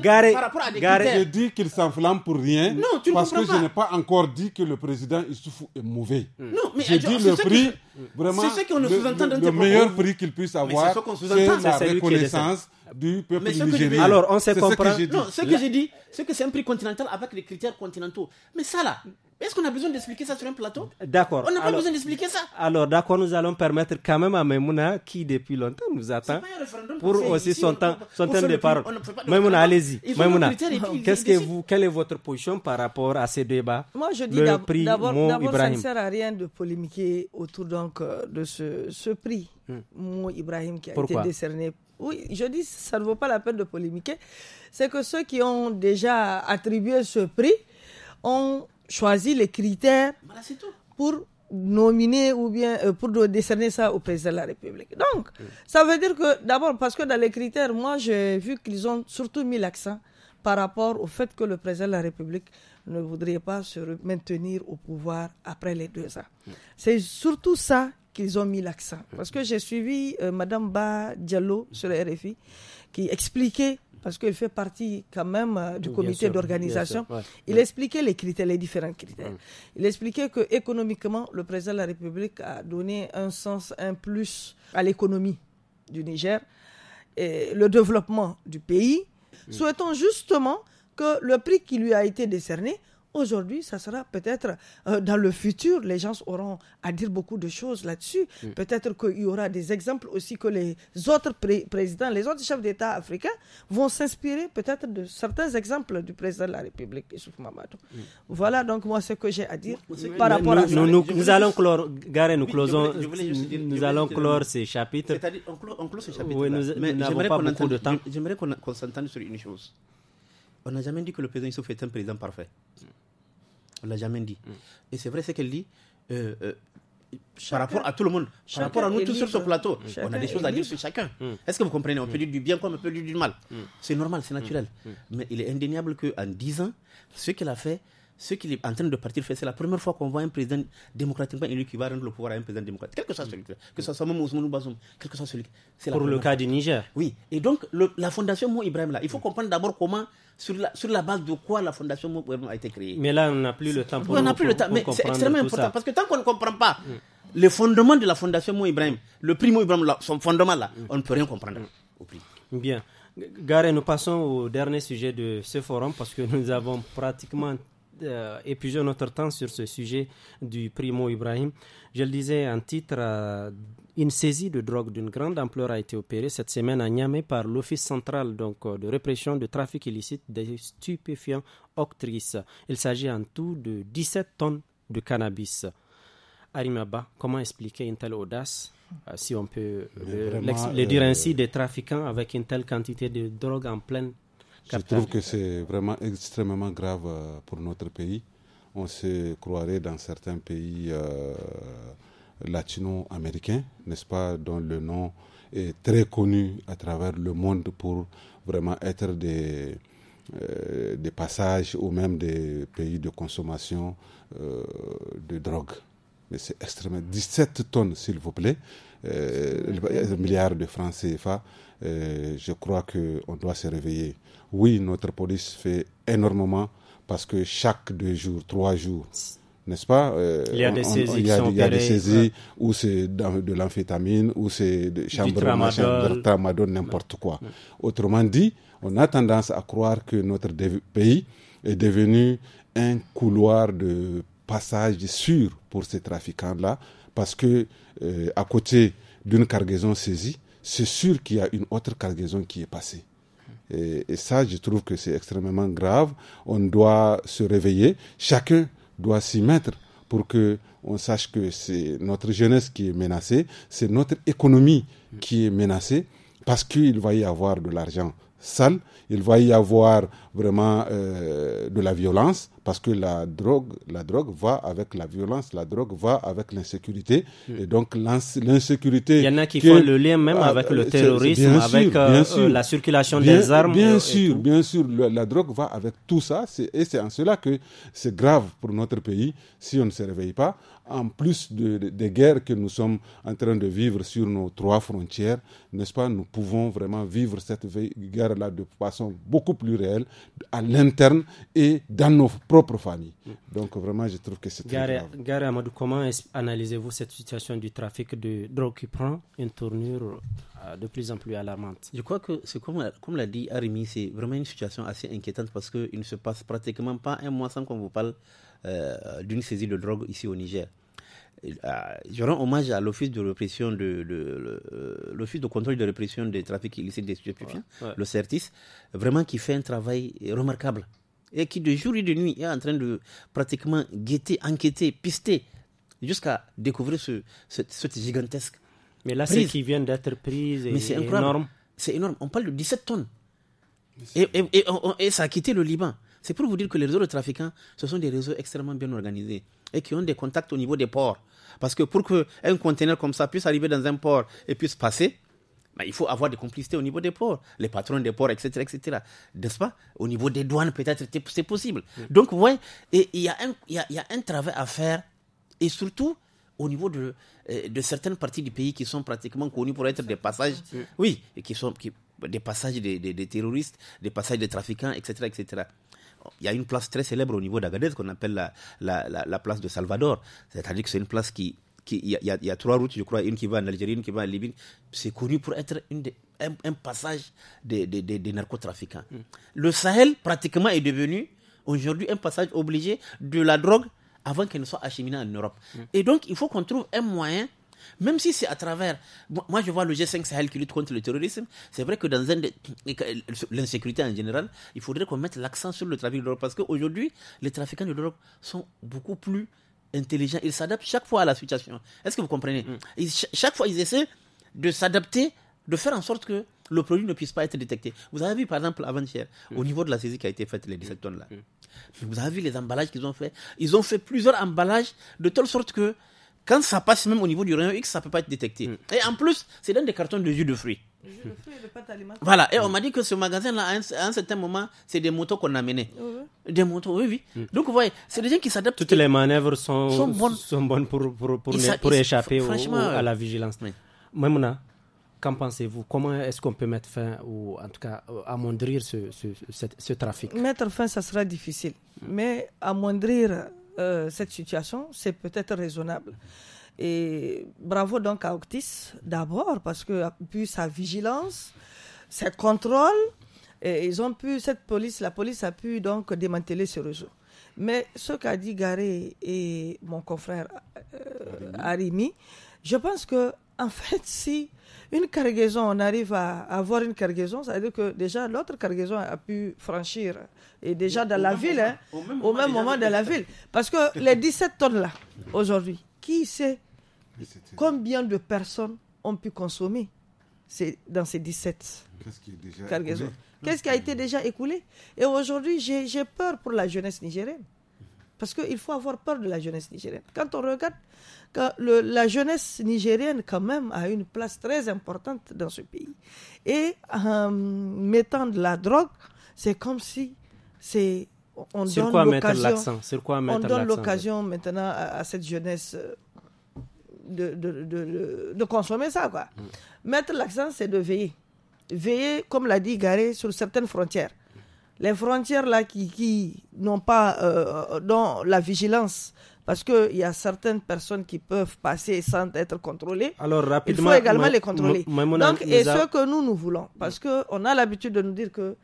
Garé, Garé. Je dis qu'il s'enflamme pour rien parce que je n'ai pas encore dit que le président Issoufou est mauvais. Non, mais le prix, vraiment, le meilleur prix qu'il puisse avoir c'est la reconnaissance du peuple Alors, on s'est compris non, ce que j'ai dit, c'est que c'est un prix continental avec les critères continentaux. Mais ça, là, est-ce qu'on a besoin d'expliquer ça sur un plateau D'accord. On n'a pas besoin d'expliquer ça. Alors, d'accord, nous allons permettre quand même à Memouna, qui depuis longtemps nous attend, pour aussi son temps, son temps de parole. Memouna, allez-y. qu'est-ce que vous, quelle est votre position par rapport à ces débats Moi, je dis d'abord, ça ne sert à rien de polémiquer autour donc euh, de ce, prix, hmm. Mo Ibrahim, qui a été décerné. Oui, je dis ça ne vaut pas la peine de polémiquer, c'est que ceux qui ont déjà attribué ce prix ont choisi les critères pour nominer ou bien euh, pour décerner ça au président de la République. Donc, ça veut dire que d'abord, parce que dans les critères, moi j'ai vu qu'ils ont surtout mis l'accent par rapport au fait que le président de la République ne voudrait pas se maintenir au pouvoir après les deux ans. C'est surtout ça qu'ils ont mis l'accent. Parce que j'ai suivi Mme euh, Madame Ba Diallo sur le RFI qui expliquait parce qu'elle fait partie quand même euh, du comité d'organisation. il expliquait les critères, les différents critères. Mm. Il expliquait que économiquement, le président de la République a donné un sens, un plus à l'économie du Niger et le développement du pays. Mm. souhaitant justement que le prix qui lui a été décerné Aujourd'hui, ça sera peut-être euh, dans le futur, les gens auront à dire beaucoup de choses là-dessus. Peut-être qu'il y aura des exemples aussi que les autres présidents, les autres chefs d'État africains vont s'inspirer peut-être de certains exemples du président de la République, Issouf Mamadou. Voilà donc moi ce que j'ai à dire par rapport à ça. Nous, allons clore, nous nous allons clore ces chapitres. C'est-à-dire, on, on clôt, ces chapitres. Oui, nous, n'avons pas beaucoup de temps. J'aimerais qu'on s'entende sur une chose. On n'a jamais dit que le président Issouf est un président parfait ne l'a jamais dit. Mm. Et c'est vrai ce qu'elle dit. Euh, euh, par rapport à tout le monde, par rapport à nous tous sur ce plateau, on a des choses à dire sur chacun. Mm. Est-ce que vous comprenez On peut mm. dire du bien comme on peut dire du mal. C'est normal, c'est naturel. Mais il est indéniable qu'en 10 ans, ce qu'elle a fait, ce qu'il est en train de partir faire, c'est la première fois qu'on voit un président démocratiquement élu qui va rendre le pouvoir à un président démocratique. quel que soit celui que ce soit même Ousmane Bazoum, quel que soit celui Pour le cas du Niger. Oui, et donc le, la fondation Mou Ibrahim, là, il faut comprendre d'abord comment, sur la, sur la base de quoi la fondation Mou Ibrahim a été créée. Mais là, on n'a plus le temps pour On n'a plus le temps, mais c'est extrêmement important parce que tant qu'on ne comprend pas mm. le fondement de la fondation Mou Ibrahim, le prix Mou Ibrahim, son fondement là, on ne peut rien comprendre au prix. Bien. Gare, nous passons au dernier sujet de ce forum parce que nous avons pratiquement euh, épuiser notre temps sur ce sujet du primo Ibrahim. Je le disais en titre, euh, une saisie de drogue d'une grande ampleur a été opérée cette semaine à Niamey par l'Office central euh, de répression de trafic illicite des stupéfiants octrices. Il s'agit en tout de 17 tonnes de cannabis. Arimaba, comment expliquer une telle audace, euh, si on peut le, dire ainsi, des trafiquants avec une telle quantité de drogue en pleine je trouve que c'est vraiment extrêmement grave euh, pour notre pays. On se croirait dans certains pays euh, latino-américains, n'est-ce pas, dont le nom est très connu à travers le monde pour vraiment être des, euh, passages ou même des pays de consommation de drogue, c'est extrêmement 17 tonnes, s'il vous plaît, euh, euh milliards de francs CFA. Euh, je crois qu'on doit se réveiller. Oui, notre police fait énormément parce que chaque deux jours, trois jours, n'est-ce pas euh, Il y a des saisies, il y a, des saisies où c'est de l'amphétamine, ou c'est de chambre, tramadol, n'importe quoi. Autrement dit, on a tendance à croire que notre pays est devenu un couloir de passage sûr pour ces trafiquants-là, parce que euh, à côté d'une cargaison saisie, c'est sûr qu'il y a une autre cargaison qui est passée. Et, ça, je trouve que c'est extrêmement grave. On doit se réveiller. Chacun doit s'y mettre pour que on sache que c'est notre jeunesse qui est menacée, c'est notre économie qui est menacée, parce qu'il va y avoir de l'argent sale, il va y avoir vraiment euh, de la violence, parce que la drogue, la drogue va avec la violence, la drogue va avec l'insécurité. Hmm. Et donc l'insécurité... Il y en a qui font le lien même ah, avec le terrorisme, avec euh, la circulation des armes. Bien euh, sûr, bien sûr, la, drogue va avec tout ça. Et c'est en cela que c'est grave pour notre pays si on ne se réveille pas en plus des guerres que nous sommes en train de vivre sur nos trois frontières, n'est-ce pas, nous pouvons vraiment vivre cette guerre-là de façon beaucoup plus réelle à l'interne et dans nos propres familles. Donc vraiment, je trouve que c'est très grave. Gare Amadou, comment analysez-vous cette situation du trafic de drogue qui prend une tournure euh, de plus en plus alarmante Je crois que c'est comme, comme l'a dit Arimi, c'est vraiment une situation assez inquiétante parce qu'il ne se passe pratiquement pas un mois sans qu'on vous parle d'une euh, saisie de drogue ici au Niger. Euh, je rends hommage à l'office de répression de, euh, l'office de contrôle de répression des trafics illicites des stupéfiants, le CERTIS, vraiment qui fait un travail remarquable et qui de jour et de nuit est en train de pratiquement guetter, enquêter, pister jusqu'à découvrir ce, cette gigantesque. Mais là, c'est qui vient d'être prise et c'est énorme. C'est énorme. On parle de 17 tonnes. et, ça a quitté le Liban. C'est pour vous dire que les réseaux de trafiquants, ce sont des réseaux extrêmement bien organisés et qui ont des contacts au niveau des ports. Parce que pour qu'un conteneur comme ça puisse arriver dans un port et puisse passer, bah, il faut avoir des complicités au niveau des ports, les patrons des ports, etc. etc. N'est-ce pas Au niveau des douanes, peut-être, c'est possible. Donc, ouais, il y, a, un travail à faire et surtout, au niveau euh, de, certaines parties du pays qui sont pratiquement connues pour être des passages, oui, et qui sont qui, des passages des, terroristes, des passages des trafiquants, etc., etc il y a une place très célèbre au niveau d'Agadez qu'on appelle la, place de Salvador. C'est-à-dire que c'est une place qui. il, y a, trois routes, je crois, une qui va en Algérie, une qui va en Libye. C'est connu pour être une un, passage des, narcotrafiquants. Hmm. Le Sahel, pratiquement, est devenu aujourd'hui un passage obligé de la drogue avant qu'elle ne soit acheminée en Europe. Hmm. Et donc, il faut qu'on trouve un moyen même si c'est à travers. Moi, je vois le G5 Sahel qui lutte contre le terrorisme. C'est vrai que dans l'insécurité en général, il faudrait qu'on mette l'accent sur le trafic de l'Europe. Parce qu'aujourd'hui, les trafiquants de l'Europe sont beaucoup plus intelligents. Ils s'adaptent chaque fois à la situation. Est-ce que vous comprenez mm. Chaque fois, ils essaient de s'adapter, de faire en sorte que le produit ne puisse pas être détecté. Vous avez vu, par exemple, avant-hier, mm. au niveau de la saisie qui a été faite, les 17 tonnes-là, mm. vous avez vu les emballages qu'ils ont fait. Ils ont fait plusieurs emballages de telle sorte que quand ça passe même au niveau du rayon X, ça peut pas être détecté. Mm. Et en plus, c'est dans des cartons de jus de fruits. jus de fruits et voilà, et on mm. m'a dit que ce magasin-là, à, un certain moment, c'est des motos qu'on amenait. menées. Des motos, oui, oui. Mm. Donc, vous voyez, c'est des gens qui s'adaptent. Toutes les manœuvres sont, sont, bonnes. pour, pour, pour, échapper à la euh, vigilance. Oui. qu'en pensez-vous Comment est-ce qu'on peut mettre fin, ou en tout cas euh, amondrir ce, ce, ce, trafic Mettre fin, ça sera difficile. Mais amoindrir euh, cette situation, c'est peut-être raisonnable. Et bravo donc à Octis d'abord parce que vu sa vigilance, ses contrôles, et ils ont pu cette police, la police a pu donc démanteler ce réseau. Mais ce qu'a dit Garé et mon confrère euh, Arimi, je pense que en fait, si une cargaison, on arrive à avoir une cargaison, ça veut dire que déjà l'autre cargaison a pu franchir. Et déjà hein. dans la ville, au même moment, de dans la ville. Parce que les 17 tonnes là, aujourd'hui, qui sait combien de personnes ont pu consommer dans ces 17 cargaisons Qu'est-ce qui a été déjà écoulé Et aujourd'hui, j'ai peur pour la jeunesse nigérienne. Parce qu'il faut avoir peur de la jeunesse nigérienne. Quand on regarde, que la jeunesse nigérienne, quand même, a une place très importante dans ce pays. Et en euh, mettant de la drogue, c'est comme si c'est. On Sur donne l'occasion. On donne l'occasion maintenant à, cette jeunesse euh, de, consommer ça. Mm. Mettre l'accent, c'est de veiller. Veiller, comme l'a dit Garé, sur certaines frontières les frontières là qui, qui n'ont pas euh, euh, dans la vigilance parce qu'il y a certaines personnes qui peuvent passer sans être contrôlées. Alors rapidement, il faut également les contrôler. Donc, et ce que nous nous voulons, parce que on a l'habitude de nous dire que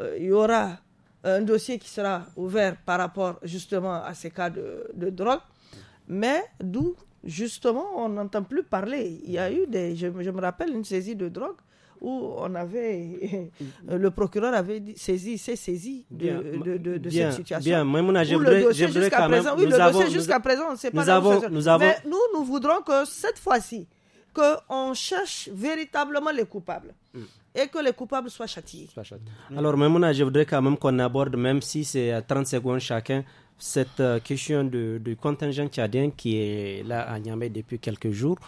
euh, il y aura un dossier qui sera ouvert par rapport justement à ces cas de, de drogue, mais d'où justement on n'entend plus parler. Il y a eu des, je me rappelle une saisie de drogue où on avait mm. euh, le procureur avait saisi s'est saisi de, euh, cette situation. Bien, moi, je voudrais, le jusqu'à présent, oui, le dossier jusqu'à présent, on ne sait pas. nous Mais nous, nous voudrons que cette fois-ci, que on cherche véritablement les coupables. Mm. et que les coupables soient châtiés. Mm. Alors, Maimouna, je voudrais quand même qu'on aborde, même si c'est à 30 secondes chacun, cette euh, question du, du contingent tchadien qui est là à Niamey depuis quelques jours.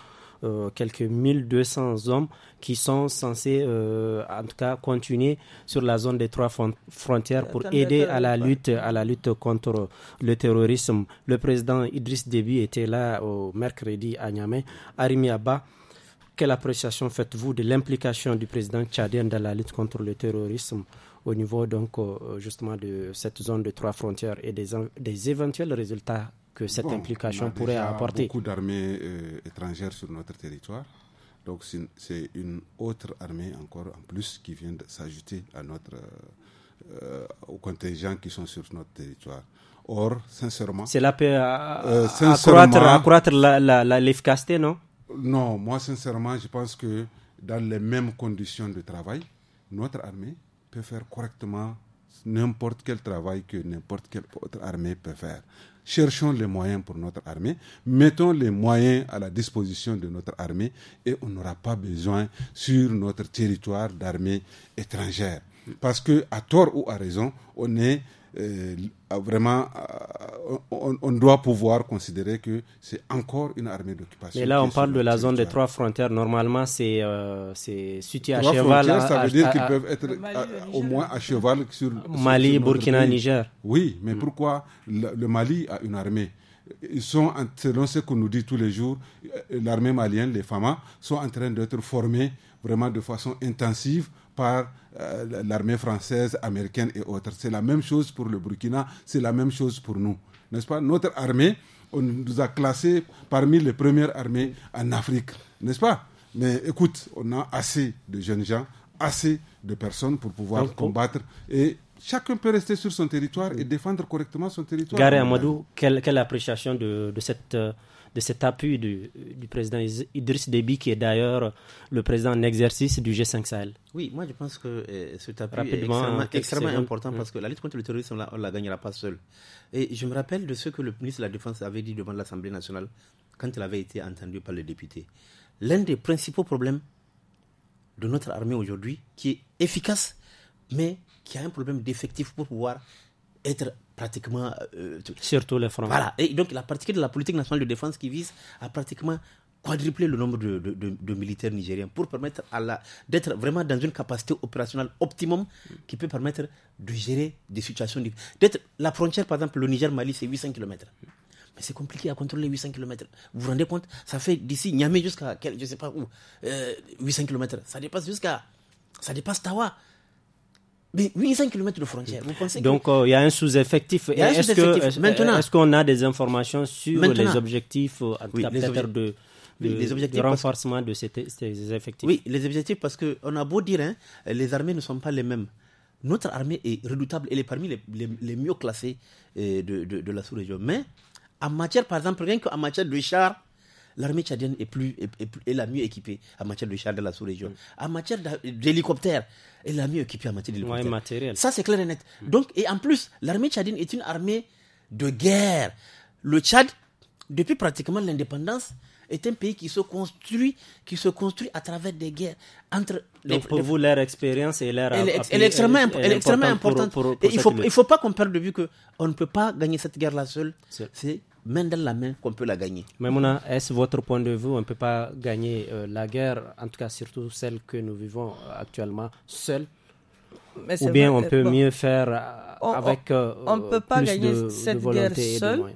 Euh, quelques 1200 hommes qui sont censés, euh, en tout cas, continuer sur la zone des trois frontières pour aider à la lutte, à la lutte contre le terrorisme. Le président Idriss Déby était là au mercredi à Niamey. Arimi Abba, quelle appréciation faites-vous de l'implication du président tchadien dans la lutte contre le terrorisme au niveau donc euh, justement de cette zone des trois frontières et des, des éventuels résultats que cette implication on a pourrait déjà apporter. Beaucoup d'armées euh, étrangères sur notre territoire. Donc c'est une autre armée encore en plus qui vient de s'ajouter à notre euh, euh, aux contingents qui sont sur notre territoire. Or, sincèrement, cela peut accroître, l'efficacité, non Non, moi sincèrement, je pense que dans les mêmes conditions de travail, notre armée peut faire correctement n'importe quel travail que n'importe quelle autre armée peut faire cherchons les moyens pour notre armée, mettons les moyens à la disposition de notre armée et on n'aura pas besoin sur notre territoire d'armées étrangères. Parce que, à tort ou à raison, on est euh, vraiment, euh, on, doit pouvoir considérer que c'est encore une armée d'occupation. Mais là, on parle de la zone des trois frontières. Normalement, c'est euh, situé à cheval. ça veut dire qu'ils peuvent être au moins à cheval sur. Mali, Burkina, Niger. Oui, mais mm. pourquoi le, Mali a une armée ils sont, selon ce qu'on nous dit tous les jours, euh, l'armée malienne, les FAMA, sont en train d'être formés vraiment de façon intensive par euh, l'armée française, américaine et autres. C'est la même chose pour le Burkina, c'est la même chose pour nous. N'est-ce pas Notre armée, on nous a classés parmi les premières armées en Afrique. N'est-ce pas Mais écoute, on a assez de jeunes gens, assez de personnes pour pouvoir combattre et chacun peut rester sur son territoire et défendre correctement son territoire. Garé Amadou, quelle, quelle appréciation de, de cette... Euh, de cet appui du, président Idriss Déby, qui est d'ailleurs le président en exercice du G5 Sahel Oui, moi je pense que euh, ce tapis est extrêmement, important mm. parce que la lutte contre le terrorisme, on ne la gagnera pas seul. Et je me rappelle de ce que le ministre de la Défense avait dit devant l'Assemblée nationale quand il avait été entendu par les députés. L'un des principaux problèmes de notre armée aujourd'hui, qui est efficace, mais qui a un problème d'effectif pour pouvoir être pratiquement... Euh, Surtout les Français. Voilà. Et donc la partie de la politique nationale de défense qui vise à pratiquement quadrupler le nombre de, de, militaires nigériens pour permettre à la d'être vraiment dans une capacité opérationnelle optimum qui peut permettre de gérer des situations d'être la frontière par exemple le Niger Mali c'est 800 km mais c'est compliqué à contrôler 800 km vous vous rendez compte ça fait d'ici Niamey jusqu'à je sais pas où euh, 800 km ça dépasse jusqu'à ça dépasse Tawa 800 km de frontière. Vous Donc, euh, il y a un sous-effectif. Est-ce qu'on a des informations sur les objectifs à euh, de, renforcement de ces, effectifs Oui, les objectifs, parce qu'on a beau dire, hein, les armées ne sont pas les mêmes. Notre armée est redoutable, elle est parmi les, mieux classées euh, de, de la sous-région. Mais en matière, par exemple, rien qu'en matière de chars, l'armée tchadienne est, plus, est, la mieux équipée en matière de chars de la sous-région. Mm. En matière d'hélicoptères, elle est la mieux équipée en matière d'hélicoptères. Ça, c'est clair et net. Mm. Donc, et en plus, l'armée tchadienne est une armée de guerre. Le Tchad, depuis pratiquement l'indépendance, est un pays qui se construit, qui se construit à travers des guerres entre. Les, Donc pour vous, leur expérience et leur. Elle, est, extrêmement, est extrêmement importante. il ne faut, il faut pas qu'on perde de vue que on ne peut pas gagner cette guerre-là seule. C'est main dans la main qu'on peut la gagner. Maimouna, est-ce votre point de vue On ne peut pas gagner euh, la guerre, en tout cas surtout celle que nous vivons euh, actuellement, seule Ou bien on peut mieux faire euh, avec. on ne peut pas gagner cette guerre seule, hmm.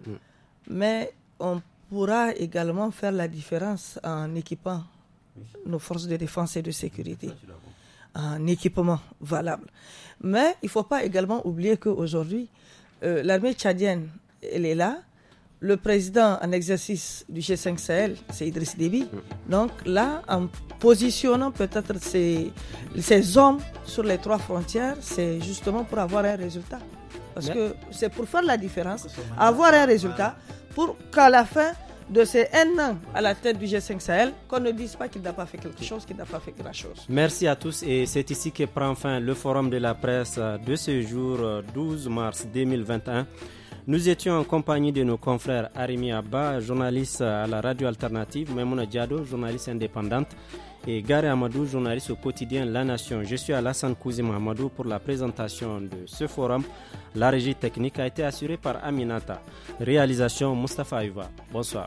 mais on pourra également faire la différence en équipant nos forces de défense et de sécurité. En équipement valable. Mais il ne faut pas également oublier qu'aujourd'hui, l'armée tchadienne, elle est là, le président en exercice du G5 Sahel, c'est Idriss Déby. Mm. Donc là, en positionnant peut-être ces, ces hommes sur les trois frontières, c'est justement pour avoir un résultat. Parce que c'est pour faire la différence, avoir un résultat, pour qu'à la fin, de ces un an à la tête du G5 Sahel qu'on ne dise pas qu'il n'a pas fait quelque chose, qu'il n'a pas fait grand-chose. Merci à tous et c'est ici que prend fin le forum de la presse de ce jour 12 euh, mars 2021. Nous étions en compagnie de nos confrères Arimi Abba, journaliste à la radio alternative, Memouna Diado, journaliste indépendante, et Gary Amadou, journaliste au quotidien La Nation. Je suis à Alassane Kouzim Amadou pour la présentation de ce forum. La régie technique a été assurée par Aminata. Réalisation Mustafa Yuva. Bonsoir.